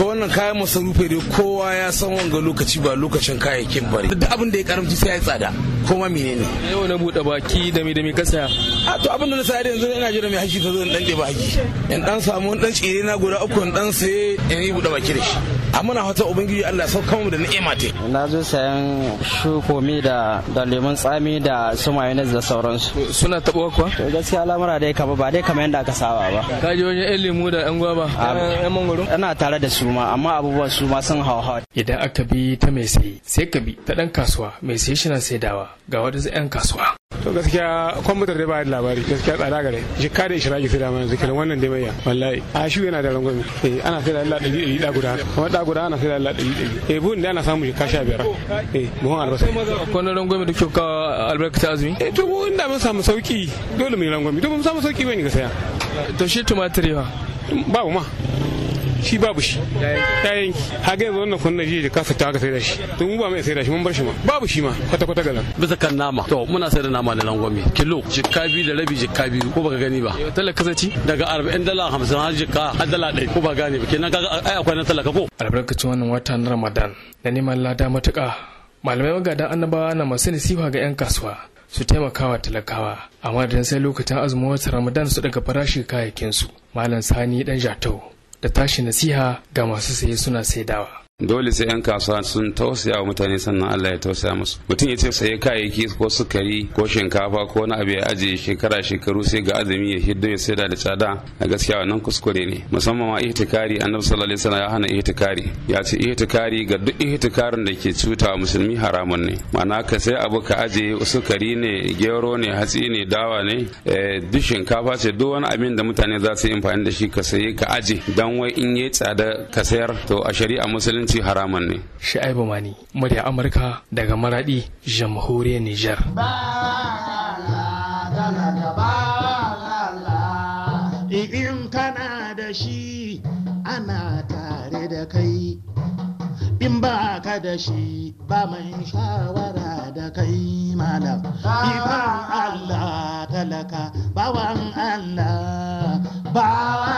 to wannan kayan masarufi dai kowa ya san wanga lokaci ba lokacin kayayyakin bare. duk abin da ya karamci sai ya tsada kuma menene yau na bude baki da me da me ka saya a ah, to abin da na saya yanzu ina jira mai haki ta zo in dan ɗeba haki in dan samu dan tsire na guda uku in dan sai in yi bude baki da shi a muna fata ubangiji Allah sau kama da ni'ima te na zo sayan shukomi da da lemun tsami da su mayonnaise da sauransu suna taɓa kuwa to gaskiya al'amura dai kaba ba dai kamar yadda aka saba ba ka ji wani yan lemu da yan gwaba yan mangoro ana tare da su ma amma abubuwan su ma sun hawa idan aka bi ta mai sayi sai ka bi ta dan kasuwa mai sayi shi na saidawa ga wadansu 'yan kasuwa. to gaskiya kwamfutar dai ba da labari gaskiya tsada gare jikka da ishiraki sai da mana zikirin wannan dai maiya wallahi a shi yana da rangwami eh ana sai da Allah ɗari ɗari da guda kuma da guda ana sai da Allah ɗari ɗari eh buhun da ana samu jikka sha biyar eh buhun albasa akwai na rangwami da kyau ka albarkata azumi eh to buhun inda mun samu sauki dole mu yi rangwami to mun samu sauki bane gaskiya to shi tumatir ba ba ma shi babu shi ya yanki ga yanzu wannan kunna ji da kasa ta aka sai da shi to mu ba mai sai da shi mun bar shi ma babu shi ma kwata kwata galan bisa kan nama to muna sai da nama da langwami kilo jikka biyu da rabi jikka biyu ko baka gani ba eh, talaka ci daga 40 dala 50 har jikka har dala 1 ko ba gane ba kenan kaga ai akwai na talaka ko albarkacin wannan wata na Ramadan na neman lada matuƙa malamai magadan annabawa na masu nasiha ga 'yan kasuwa su taimakawa talakawa amma da sai lokacin azumin wata ramadan su daga farashi kayayyakin su malam sani dan jatau da tashi nasiha ga masu saye suna saidawa dole sai 'yan kasuwa sun tausaya wa mutane sannan Allah ya tausaya musu mutum ya ce saye kayayyaki ko sukari ko shinkafa ko wani abu ya ajiye shekara shekaru sai ga azumi ya hiddo ya saida da tsada a gaskiya wannan kuskure ne musamman ma ihtikari annabi sallallahu alaihi wasallam ya hana ihtikari ya ce ihtikari ga duk ihtikarin da ke cuta musulmi haramun ne ma'ana ka sai abu ka ajiye sukari ne gero ne hatsi ne dawa ne eh, duk shinkafa ce duk wani abin da mutane za su yi amfani da shi ka saye ka aje dan wai in yi tsada ka sayar to a shari'a musulunci musulunci haraman ne sha'ibu mani murya amurka daga maraɗi jamhuriyar nijar in kana da shi ana tare da kai in ba ka da shi ba mai shawara da kai malam ikon allah talaka bawan allah bawan